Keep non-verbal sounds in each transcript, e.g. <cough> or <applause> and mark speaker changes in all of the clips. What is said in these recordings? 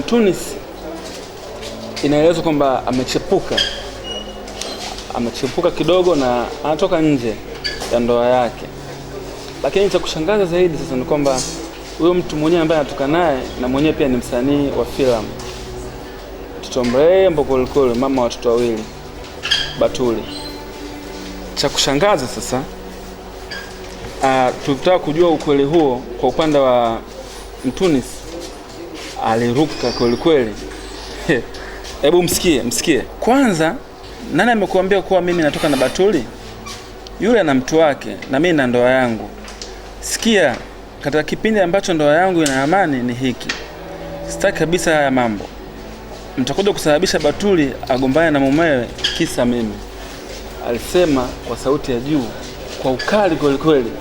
Speaker 1: Mtunis inaelezwa kwamba amechepuka, amechepuka kidogo na anatoka nje ya ndoa yake, lakini cha kushangaza zaidi sasa ni kwamba huyo mtu mwenyewe ambaye anatoka naye na mwenyewe pia ni msanii wa filamu, mtoto mrembo kwelikweli, mama watoto wawili Batuli. Cha kushangaza sasa, uh, ah, tulitaka kujua ukweli huo kwa upande wa Mtunis aliruka kweli kweli. <laughs> Hebu msikie, msikie kwanza. Nani amekuambia kuwa mimi natoka na Batuli? Yule ana mtu wake na mimi na ndoa yangu. Sikia, katika kipindi ambacho ndoa yangu ina amani ni hiki, sitaki kabisa haya mambo mtakuja kusababisha Batuli agombane na mumewe kisa mimi, alisema kwa sauti ya juu, kwa ukali kweli kweli.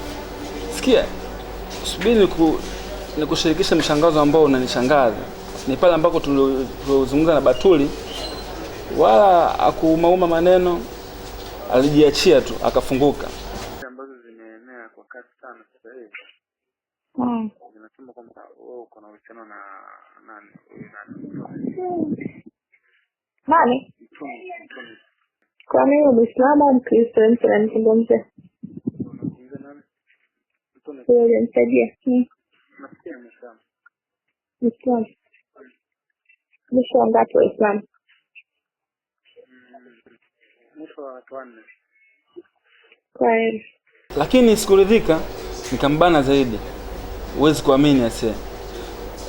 Speaker 1: Sikia, subiri ku ni kushirikisha mshangazo ambao unanishangaza ni pale ambako tulizungumza na Batuli, wala akumauma maneno, alijiachia tu akafunguka, ambazo zimeenea kwa kasi sana sasa hivi mm. Zinasema kwamba wewe uko na uhusiano na nani? Nani? Nani? Kwa nini Muislamu au Mkristo? Mtu ananizungumzia, mtu ananisaidia Nasikia Mwisho wa ngapi Mwisho wa watu wanne. Lakini sikuridhika nikambana zaidi. Huwezi kuamini ase.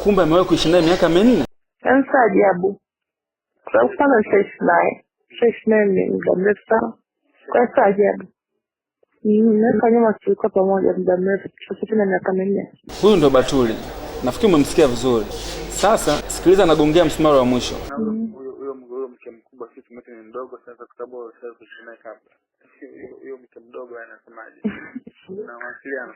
Speaker 1: Kumbe amewahi kuishi naye miaka minne.
Speaker 2: Sasa ajabu. Kwa sababu sana naye. naye Kwa sababu ajabu miaka nyuma tulikuwa pamoja muda mrefu, na miaka minne.
Speaker 1: Huyu ndo Batuli, nafikiri umemsikia vizuri. Sasa sikiliza, anagongea msumari wa mwisho. Huyo mke mkubwa, ni mdogo sasa, kwa sababu sasa kabla.
Speaker 2: Huyo mke mdogo anasemaje? na <laughs> mawasiliano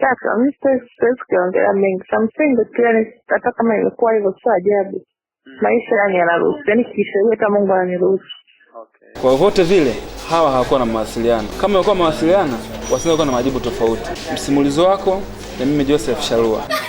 Speaker 2: sasa mi siwezi mengi samsingi tu, yani hata kama imekuwa hivyo sio ajabu. Mm. Maisha yani yanaruhusu, yani kisheria, hata Mungu ananiruhusu
Speaker 1: kwa vyovyote vile hawa hawakuwa na mawasiliano. Kama walikuwa mawasiliano, wasingekuwa na majibu tofauti. Msimulizi wako ni mimi Joseph Shalua.